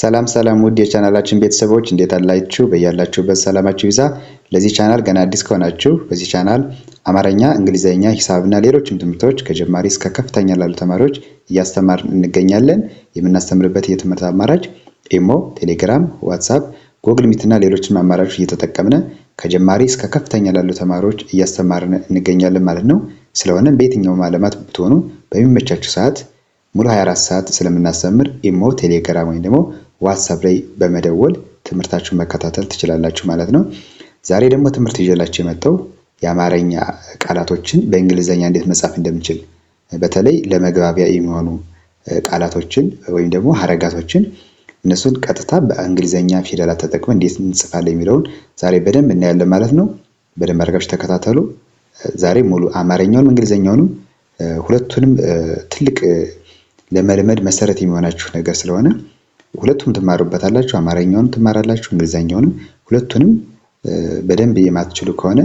ሰላም ሰላም ውድ የቻናላችን ቤተሰቦች እንዴት አላችሁ? በያላችሁበት ሰላማችሁ ይዛ። ለዚህ ቻናል ገና አዲስ ከሆናችሁ በዚህ ቻናል አማርኛ፣ እንግሊዝኛ፣ ሂሳብና ሌሎችም ትምህርቶች ከጀማሪ እስከ ከፍተኛ ላሉ ተማሪዎች እያስተማር እንገኛለን። የምናስተምርበት የትምህርት አማራጭ ኢሞ፣ ቴሌግራም፣ ዋትሳፕ፣ ጎግል ሚትና ሌሎችም አማራጮች እየተጠቀምነ ከጀማሪ እስከ ከፍተኛ ላሉ ተማሪዎች እያስተማርን እንገኛለን ማለት ነው። ስለሆነም በየትኛውም ዓለማት ብትሆኑ በሚመቻችሁ ሰዓት ሙሉ 24 ሰዓት ስለምናስተምር ኢሞ፣ ቴሌግራም ወይም ደግሞ ዋትሳፕ ላይ በመደወል ትምህርታችሁን መከታተል ትችላላችሁ ማለት ነው። ዛሬ ደግሞ ትምህርት ይዤላችሁ የመጣው የአማርኛ ቃላቶችን በእንግሊዝኛ እንዴት መጻፍ እንደምችል በተለይ ለመግባቢያ የሚሆኑ ቃላቶችን ወይም ደግሞ ሀረጋቶችን እነሱን ቀጥታ በእንግሊዝኛ ፊደላት ተጠቅመን እንዴት እንጽፋለን የሚለውን ዛሬ በደንብ እናያለን ማለት ነው። በደንብ አድርጋችሁ ተከታተሉ። ዛሬ ሙሉ አማርኛውንም እንግሊዝኛውንም ሁለቱንም ትልቅ ለመልመድ መሰረት የሚሆናችሁ ነገር ስለሆነ ሁለቱም ትማሩበታላችሁ። አማርኛውንም ትማራላችሁ፣ እንግሊዝኛውንም። ሁለቱንም በደንብ የማትችሉ ከሆነ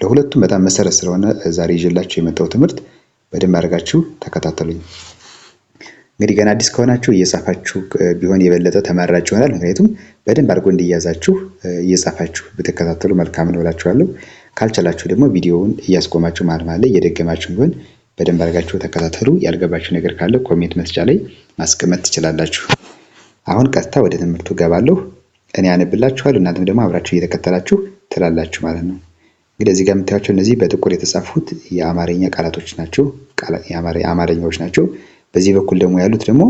ለሁለቱም በጣም መሰረት ስለሆነ ዛሬ ይዤላችሁ የመጣው ትምህርት በደንብ አድርጋችሁ ተከታተሉኝ። እንግዲህ ገና አዲስ ከሆናችሁ እየጻፋችሁ ቢሆን የበለጠ ተመራጭ ይሆናል። ምክንያቱም በደንብ አድርጎ እንዲያዛችሁ እየጻፋችሁ ብትከታተሉ መልካም ነው እላችኋለሁ። ካልቻላችሁ ደግሞ ቪዲዮውን እያስቆማችሁ ማልማለ እየደገማችሁ ቢሆን በደንብ አድርጋችሁ ተከታተሉ። ያልገባችሁ ነገር ካለ ኮሜንት መስጫ ላይ ማስቀመጥ ትችላላችሁ። አሁን ቀጥታ ወደ ትምህርቱ ገባለሁ። እኔ አነብላችኋል፣ እናንተም ደግሞ አብራችሁ እየተከተላችሁ ትላላችሁ ማለት ነው። እንግዲህ እዚህ ጋር የምታያቸው እነዚህ በጥቁር የተጻፉት የአማርኛ ቃላቶች ናቸው፣ የአማርኛዎች ናቸው። በዚህ በኩል ደግሞ ያሉት ደግሞ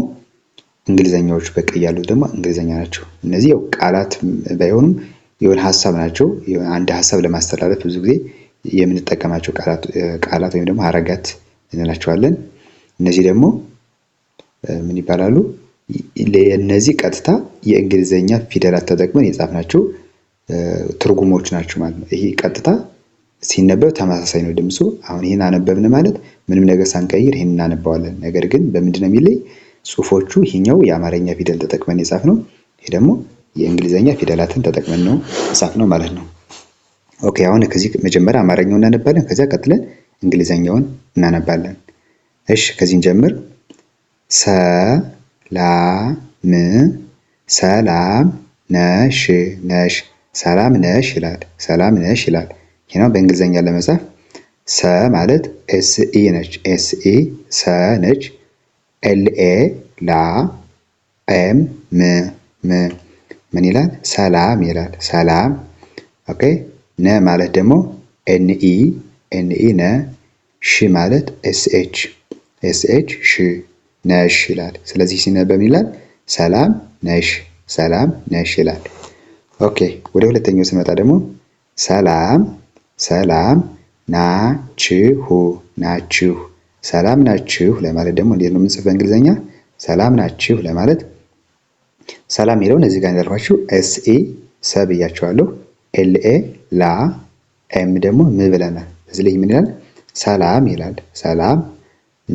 እንግሊዘኛዎች፣ በቀይ ያሉት ደግሞ እንግሊዘኛ ናቸው። እነዚህ ያው ቃላት ባይሆኑም የሆነ ሀሳብ ናቸው። አንድ ሀሳብ ለማስተላለፍ ብዙ ጊዜ የምንጠቀማቸው ቃላት ወይም ደግሞ ሀረጋት እንላቸዋለን። እነዚህ ደግሞ ምን ይባላሉ? እነዚህ ቀጥታ የእንግሊዘኛ ፊደላት ተጠቅመን የጻፍናቸው ትርጉሞች ናቸው ማለት ነው። ይሄ ቀጥታ ሲነበብ ተመሳሳይ ነው ድምፁ። አሁን ይህን አነበብን ማለት ምንም ነገር ሳንቀይር ይህን እናነባዋለን። ነገር ግን በምንድን ነው የሚለይ? ጽሁፎቹ ይሄኛው የአማርኛ ፊደል ተጠቅመን የጻፍ ነው። ይሄ ደግሞ የእንግሊዘኛ ፊደላትን ተጠቅመን ነው የጻፍ ነው ማለት ነው። ኦኬ አሁን ከዚህ መጀመሪያ አማርኛው እናነባለን። ከዚያ ቀጥለን እንግሊዘኛውን እናነባለን። እሺ ከዚህን ጀምር ሰ ላ ም ሰላም ነሽ ነሽ ሰላም ነሽ ይላል። ሰላም ነሽ ይላል። ይህ በእንግሊዘኛ ለመጻፍ ሰ ማለት ኤስኢ ነች። ኤስኢ ሰ ነች። ኤ ላ ኤም ም ም ምን ይላል? ሰላም ይላል። ሰላም ኦኬ። ነ ማለት ደግሞ ኤንኢ ኤንኢነ ሺ ማለት ኤስኤች ኤስኤች ሺ ነሽ ይላል። ስለዚህ ሲነበብ ይላል ሰላም ነሽ፣ ሰላም ነሽ ይላል። ኦኬ ወደ ሁለተኛው ስንመጣ ደግሞ ሰላም ሰላም ናችሁ ናችሁ ሰላም ናችሁ ለማለት ደግሞ እንዴት ነው የምንጽፍ በእንግሊዝኛ? ሰላም ናችሁ ለማለት ሰላም የሚለውን እዚህ ጋር እንዳልኳችሁ ኤስኤ ሰብ እያቸዋለሁ። ኤልኤ ላ ኤም ደግሞ ም ብለናል። እዚህ ላይ ምን ይላል? ሰላም ይላል። ሰላም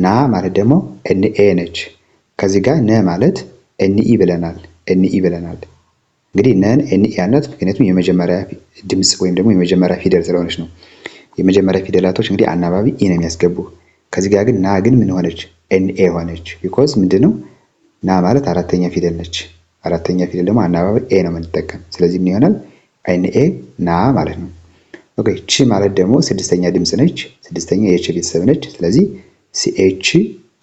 ና ማለት ደግሞ ኤ ነች። ከዚህ ጋር ነ ማለት ኢ ብለናል። ኢ ብለናል። እንግዲህ ነን ኢ ያልናት ምክንያቱም የመጀመሪያ ድምጽ ወይም ደግሞ የመጀመሪያ ፊደል ስለሆነች ነው። የመጀመሪያ ፊደላቶች እንግዲህ አናባቢ ኢ ነው የሚያስገቡ። ከዚህ ጋር ግን ና ግን ምን ሆነች? ኤ ሆነች። ቢኮዝ ምንድነው ና ማለት አራተኛ ፊደል ነች። አራተኛ ፊደል ደግሞ አናባቢ ኤ ነው የምንጠቀም። ስለዚህ ምን ይሆናል? ኤ ና ማለት ነው። ኦኬ ቺ ማለት ደግሞ ስድስተኛ ድምጽ ነች። ስድስተኛ የች ቤተሰብ ነች። ስለዚህ ሲኤች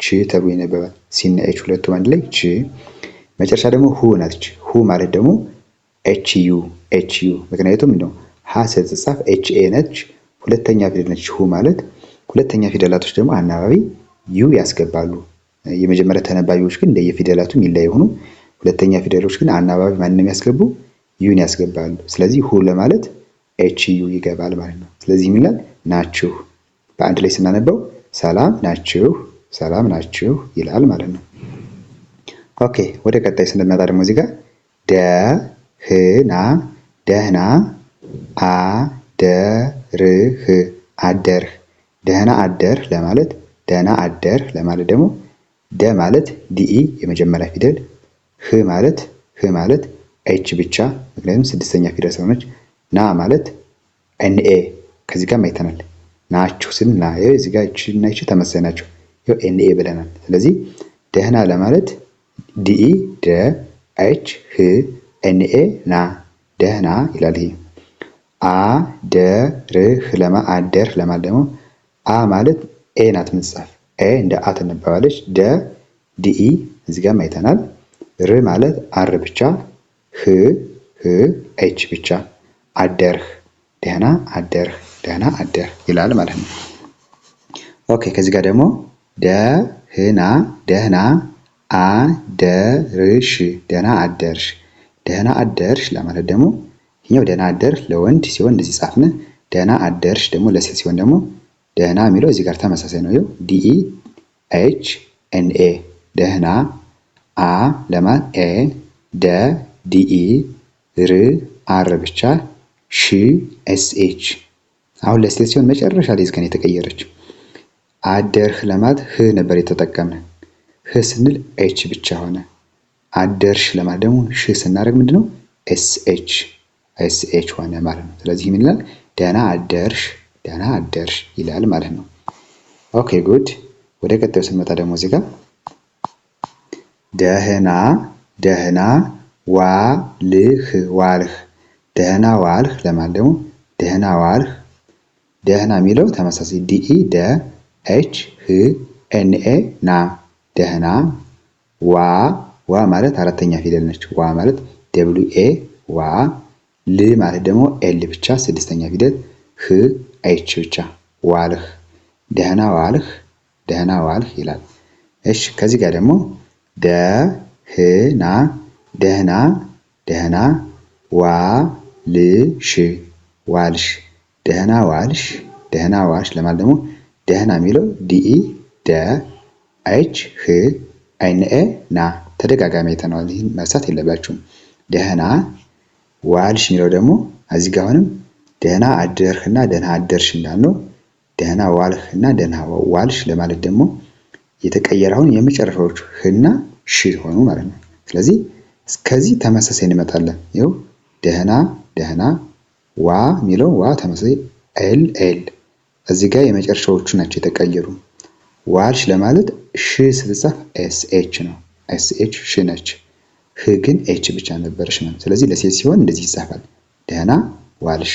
ቺ ተብሎ ይነበባል። ሲና ኤች ሁለቱ አንድ ላይ ቺ። መጨረሻ ደግሞ ሁ ናትች። ሁ ማለት ደግሞ ኤች ዩ ኤች ዩ። ምክንያቱም ነው ሀ ስትጻፍ ኤች ኤ ነች፣ ሁለተኛ ፊደል ነች። ሁ ማለት ሁለተኛ ፊደላቶች ደግሞ አናባቢ ዩ ያስገባሉ። የመጀመሪያ ተነባቢዎች ግን እንደየፊደላቱ የሚለያይ ሆኑ፣ ሁለተኛ ፊደሎች ግን አናባቢ ማንንም ያስገቡ ዩን ያስገባሉ። ስለዚህ ሁ ለማለት ኤች ይገባል ማለት ነው። ስለዚህ የሚለን ናችሁ በአንድ ላይ ስናነበው ሰላም ናችሁ፣ ሰላም ናችሁ ይላል ማለት ነው። ኦኬ ወደ ቀጣይ ስንመጣ ደግሞ እዚህ ጋር ደህና ደህና አደርህ አደርህ ደህና አደርህ ለማለት ደህና አደርህ ለማለት ደግሞ ደ ማለት ዲኢ የመጀመሪያ ፊደል ህ ማለት ህ ማለት ኤች ብቻ ምክንያቱም ስድስተኛ ፊደል ስለሆነች ና ማለት ኤንኤ ከዚህ ጋር አይተናል። ናችሁ ስል ና እዚህ ጋር እቺ እና እቺ ተመሳሳይ ናቸው። ይኸው ኤንኤ ብለናል። ስለዚህ ደህና ለማለት ዲኢ ደ ኤች ህ ኤንኤ ና ደህና ይላል። ይሄ አ ደ ር ህ ለማ አደር ለማለት ደግሞ አ ማለት ኤ ናት ምንጻፍ ኤ እንደ አ ትነበባለች። ደ ዲኢ እዚህ ጋር አይተናል። ር ማለት አር ብቻ ህ ህ ኤች ብቻ አደርህ ደህና አደርህ ደህና አደርህ ይላል ማለት ነው። ኦኬ ከዚህ ጋር ደግሞ ደህና ደህና አደርሽ ደህና አደርሽ ደህና አደርሽ ለማለት ደግሞ ይሄኛው ደህና አደር ለወንድ ሲሆን እንደዚህ ጻፍን። ደህና አደርሽ ደግሞ ለሴት ሲሆን ደግሞ ደህና የሚለው እዚህ ጋር ተመሳሳይ ነው። ይኸው ኢ ኤች ኤን ኤ ደህና አ ለማን ኤ ደ ኢ ር አር ብቻ ሺ ኤስ ኤች አሁን ለስቴት ሲሆን መጨረሻ ላይ እስከን የተቀየረችው አደርህ ለማለት ህ ነበር የተጠቀመ ህ ስንል ኤች ብቻ ሆነ። አደርሽ ለማለት ደግሞ ሽ ስናደርግ ምንድነው ኤስ ኤች ኤስ ኤች ሆነ ማለት ነው። ስለዚህ ምን ይላል? ደህና አደርሽ ደህና አደርሽ ይላል ማለት ነው። ኦኬ ጉድ። ወደ ቀጣዩ ስንመጣ ደግሞ እዚህ ጋር ደህና ደህና ዋልህ ዋልህ ደህና ዋልህ ለማለት ደግሞ ደህና ዋልህ ደህና የሚለው ተመሳሳይ ዲኢ ደ ኤች ህ ኤንኤ ና ደህና ዋ ዋ ማለት አራተኛ ፊደል ነች። ዋ ማለት ደብሊው ኤ ዋ ል ማለት ደግሞ ኤል ብቻ ስድስተኛ ፊደል ህ ኤች ብቻ ዋልህ ደህና ዋልህ ደህና ዋልህ ይላል። እሺ ከዚህ ጋር ደግሞ ደህና ደህና ደህና ዋ ልሽ ዋልሽ ደህና ዋልሽ ደህና ዋልሽ ለማለት ደግሞ ደህና የሚለው ዲኢ ደ ኤች ህ አይን ኤ ና ተደጋጋሚ አይተነዋል። ይህን መርሳት የለባችሁም። ደህና ዋልሽ የሚለው ደግሞ እዚህ ጋር አሁንም ደህና አደርህና ደህና አደርሽ እንዳልነው ደህና ዋልህና ደህና ዋልሽ ለማለት ደግሞ የተቀየረ አሁን የመጨረሻዎቹ ህና ሽ ሆኑ ማለት ነው። ስለዚህ እስከዚህ ተመሳሳይ እንመጣለን። ይኸው ደህና ደህና ዋ የሚለው ዋ ተመሳሳይ ኤል ኤል እዚህ ጋር የመጨረሻዎቹ ናቸው የተቀየሩ። ዋልሽ ለማለት ሽ ስትጻፍ ኤስ ኤች ነው። ኤስ ኤች ሽ ነች። ህ ግን ኤች ብቻ ነበረች ነው። ስለዚህ ለሴት ሲሆን እንደዚህ ይጻፋል። ደህና ዋልሽ፣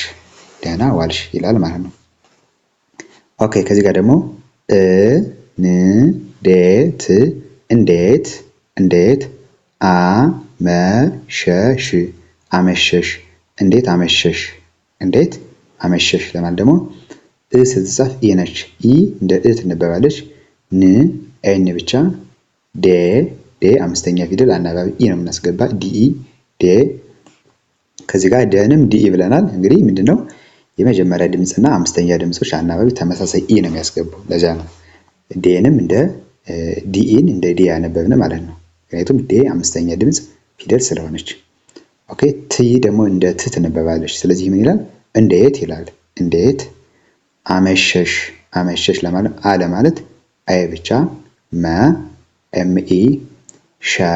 ደህና ዋልሽ ይላል ማለት ነው። ኦኬ ከዚህ ጋር ደግሞ እ ን ዴት እንዴት እንዴት አመሸሽ፣ አመሸሽ እንዴት አመሸሽ፣ እንዴት አመሸሽ ለማለት ደግሞ እ ስትጻፍ ኢ ነች። ኢ እንደ እ ትነበባለች። ን ኤን ብቻ ዴ ዴ አምስተኛ ፊደል አናባቢ ኢ ነው የምናስገባ። ዲኢ ዴ ከዚህ ጋር ደንም ዲኢ ብለናል። እንግዲህ ምንድነው የመጀመሪያ ድምፅና አምስተኛ ድምፆች አናባቢ ተመሳሳይ ኢ ነው የሚያስገቡ። ለዛ ነው ዴንም እንደ ዲኢን እንደ ዲ ያነበብን ማለት ነው። ምክንያቱም ዴ አምስተኛ ድምፅ ፊደል ስለሆነች ኦኬ ትይ ደግሞ እንደ ት ትነበባለች። ስለዚህ ምን ይላል? እንዴት ይላል። እንዴት አመሸሽ። አመሸሽ ለማለት አለ ማለት አይ ብቻ መ ኤምኢ ሸ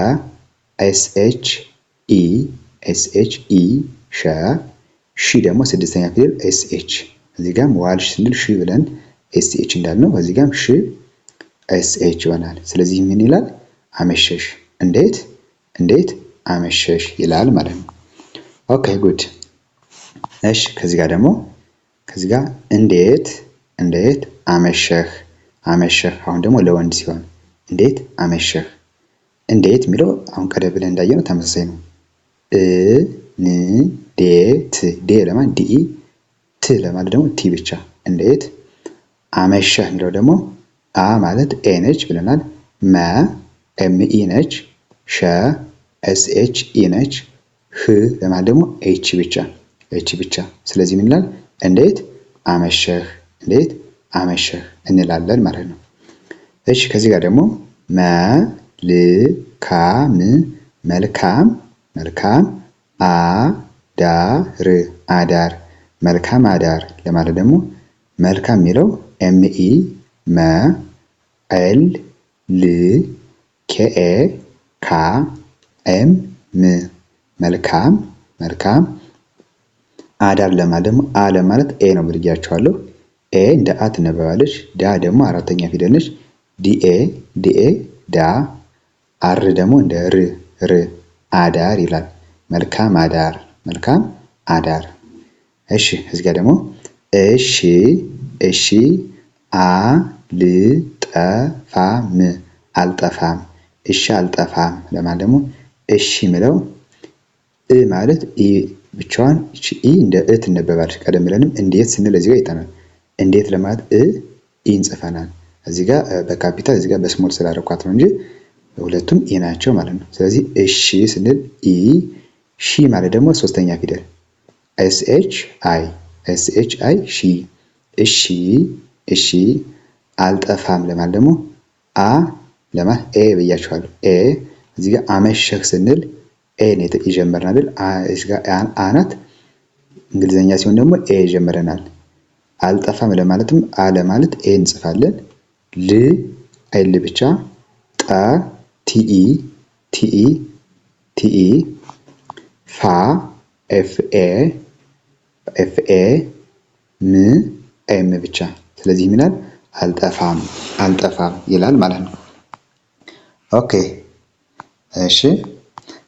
ኤስኤች ኢ ኤስኤች ኢ ሸ ሺ ደግሞ ስድስተኛ ፊደል ኤስኤች እዚህ ጋም ዋልሽ ስንል ሺ ብለን ኤስኤች እንዳልነው እዚህ ጋም ሺ ኤስኤች ይሆናል። ስለዚህ ምን ይላል? አመሸሽ። እንዴት እንዴት አመሸሽ ይላል ማለት ነው። ኦኬ ጉድ። እሺ ከዚህ ጋር ደግሞ ከዚህ ጋር እንዴት እንዴት አመሸህ አመሸህ። አሁን ደግሞ ለወንድ ሲሆን እንዴት አመሸህ። እንዴት የሚለው አሁን ቀደም ብለን እንዳየነው ተመሳሳይ ነው። እ ን ዴ ት ዴ ለማለት ዲኢ ት ለማለት ደግሞ ቲ ብቻ። እንዴት አመሸህ የሚለው ደግሞ አ ማለት ኤ ነች ብለናል። መ ኤምኢ ነች ሸ ኤስ ኤች ኢ ነች። ህ ለማለት ደግሞ ኤች ብቻ ኤች ብቻ። ስለዚህ ምን ይላል? እንዴት አመሸህ፣ እንዴት አመሸህ እንላለን ማለት ነው። እሺ ከዚህ ጋር ደግሞ መልካም መልካም መልካም አዳር አዳር መልካም አዳር ለማለት ደግሞ መልካም የሚለው ኤምኢ መ ኤል ል ኬኤ ካ ኤም ም መልካም መልካም አዳር ለማለት ደግሞ አ ለማለት ኤ ነው ብያችኋለሁ። ኤ እንደ አ ትነበባለች። ዳ ደግሞ አራተኛ ፊደል ነች። ዲኤ ዲኤ ዳ አር ደግሞ እንደ ር ር አዳር ይላል። መልካም አዳር መልካም አዳር። እሺ እዚህ ጋር ደግሞ እሺ እሺ አ ል አልጠፋም አልጠፋም እሺ አልጠፋም ለማለት ደግሞ እሺ ምለው እ ማለት ኢ ብቻዋን እቺ ኢ እንደ እ ትነበባለች። ቀደም ብለንም እንዴት ስንል እዚህ ጋር ይጠናል። እንዴት ለማለት እ ኢ እንጽፈናል። እዚህ ጋር በካፒታል እዚህ ጋር በስሞል ስላደረኳት ነው እንጂ ሁለቱም ኢ ናቸው ማለት ነው። ስለዚህ እሺ ስንል ኢ፣ ሺ ማለት ደግሞ ሶስተኛ ፊደል ኤስ ኤች አይ ኤስ ኤች አይ ሺ፣ እሺ እሺ። አልጠፋም ለማለት ደግሞ አ ለማለት ኤ ብያችኋለሁ ኤ እዚህ ጋር አመሸህ ስንል ኤ ነው የጀመርን አይደል? አናት እንግሊዘኛ ሲሆን ደግሞ ኤ ጀምረናል። አልጠፋም ለማለትም አለ ማለት ኤ እንጽፋለን። ል አይል ብቻ ጠ ቲኢ ቲኢ ቲኢ ፋ ኤፍኤ ኤፍኤ ም ኤም ብቻ። ስለዚህ ምናል አልጠፋም አልጠፋም ይላል ማለት ነው። ኦኬ እሺ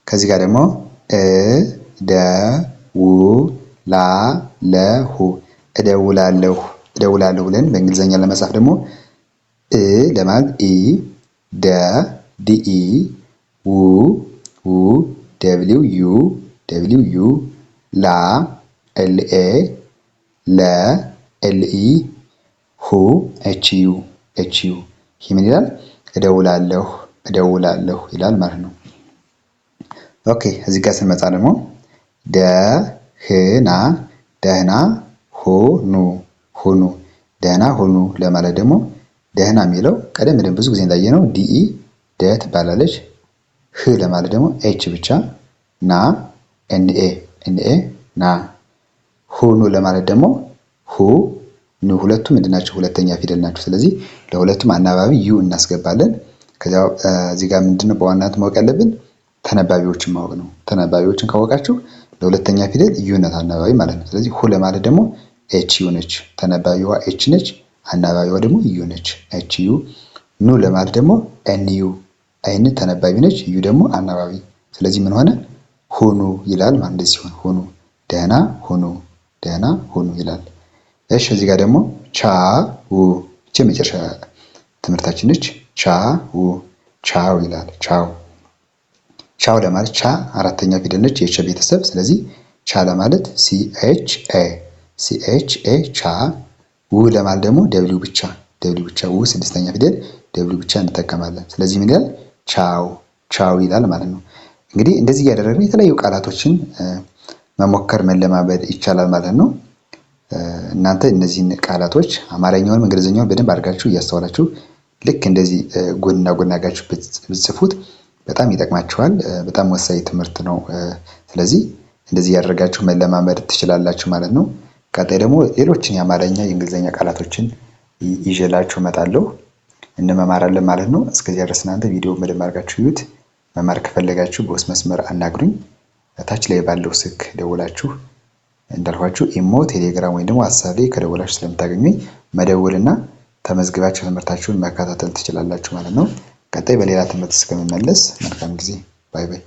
ከዚህ ጋር ደግሞ እ ደ ው ላ ለ ሁ እደውላለሁ እደውላለሁ ብለን በእንግሊዘኛ ለመጻፍ ደግሞ እ ለማለት ኢ ደ ዲኢ ው ው ደብሊው ዩ ደብሊው ዩ ላ ኤልኤ ለ ኤልኢ ሁ ኤችዩ ኤችዩ ይህ ምን ይላል? እደውላለሁ እደውላለሁ ይላል ማለት ነው። ኦኬ እዚህ ጋር ስንመጣ ደግሞ ደህና ደህና ሁኑ ሁኑ ደህና ሁኑ ለማለት ደግሞ ደህና የሚለው ቀደም ደም ብዙ ጊዜ ነው ዲኢ ደ ትባላለች። ህ ለማለት ደግሞ ኤች ብቻ ና ኤንኤ ኤንኤ ና ሁኑ ለማለት ደግሞ ሁ ኑ ሁለቱም ምንድናቸው ሁለተኛ ፊደል ናቸው። ስለዚህ ለሁለቱም አናባቢ ዩ እናስገባለን። ከዚያ እዚህ ጋር ምንድነው በዋናነት ማወቅ ያለብን ተነባቢዎችን ማወቅ ነው። ተነባቢዎችን ካወቃችሁ ለሁለተኛ ፊደል ዩነት አናባቢ ማለት ነው። ስለዚህ ሁ ለማለት ደግሞ ኤች ዩ ነች። ተነባቢዋ ኤች ነች፣ አናባቢዋ ደግሞ ዩ ነች። ኤች ዩ። ኑ ለማለት ደግሞ ኤን ዩ። አይን ተነባቢ ነች፣ ዩ ደግሞ አናባቢ። ስለዚህ ምን ሆነ? ሁኑ ይላል ማለት እንደዚህ ሲሆን ሁኑ፣ ደህና ሁኑ፣ ደህና ሁኑ ይላል። እሺ እዚህ ጋር ደግሞ ቻ ው፣ ይቺ የመጨረሻ ትምህርታችን ነች። ቻው ቻው ይላል። ቻው ቻው ለማለት ቻ አራተኛ ፊደል ነች፣ የቸ ቤተሰብ። ስለዚህ ቻ ለማለት ኤች ኤ ኤች ኤ ቻ። ው ለማለት ደግሞ ደብሊው ብቻ ደብሊው ብቻ ው ስድስተኛ ፊደል ደብሊው ብቻ እንጠቀማለን። ስለዚህ ምን ይላል? ቻው ቻው ይላል ማለት ነው። እንግዲህ እንደዚህ እያደረግን የተለያዩ ቃላቶችን መሞከር መለማመድ ይቻላል ማለት ነው። እናንተ እነዚህን ቃላቶች አማርኛውንም እንግሊዝኛውን በደንብ አድርጋችሁ እያስተዋላችሁ ልክ እንደዚህ ጎንና ጎን አድርጋችሁ ብትጽፉት በጣም ይጠቅማችኋል። በጣም ወሳኝ ትምህርት ነው። ስለዚህ እንደዚህ ያደረጋችሁ መለማመድ ትችላላችሁ ማለት ነው። ቀጣይ ደግሞ ሌሎችን የአማርኛ የእንግሊዝኛ ቃላቶችን ይዤላችሁ እመጣለሁ እንመማራለን ማለት ነው። እስከዚያ ድረስ እናንተ ቪዲዮ በደንብ አድርጋችሁ መማር ከፈለጋችሁ በውስጥ መስመር አናግሩኝ። ታች ላይ ባለው ስልክ ደውላችሁ እንዳልኳችሁ ኢሞ፣ ቴሌግራም ወይም ደግሞ ዋትሳፕ ከደወላችሁ ስለምታገኙኝ መደወልና ተመዝግባችሁ ትምህርታችሁን መከታተል ትችላላችሁ ማለት ነው። ቀጣይ በሌላ ትምህርት እስከምመለስ መልካም ጊዜ። ባይ ባይ።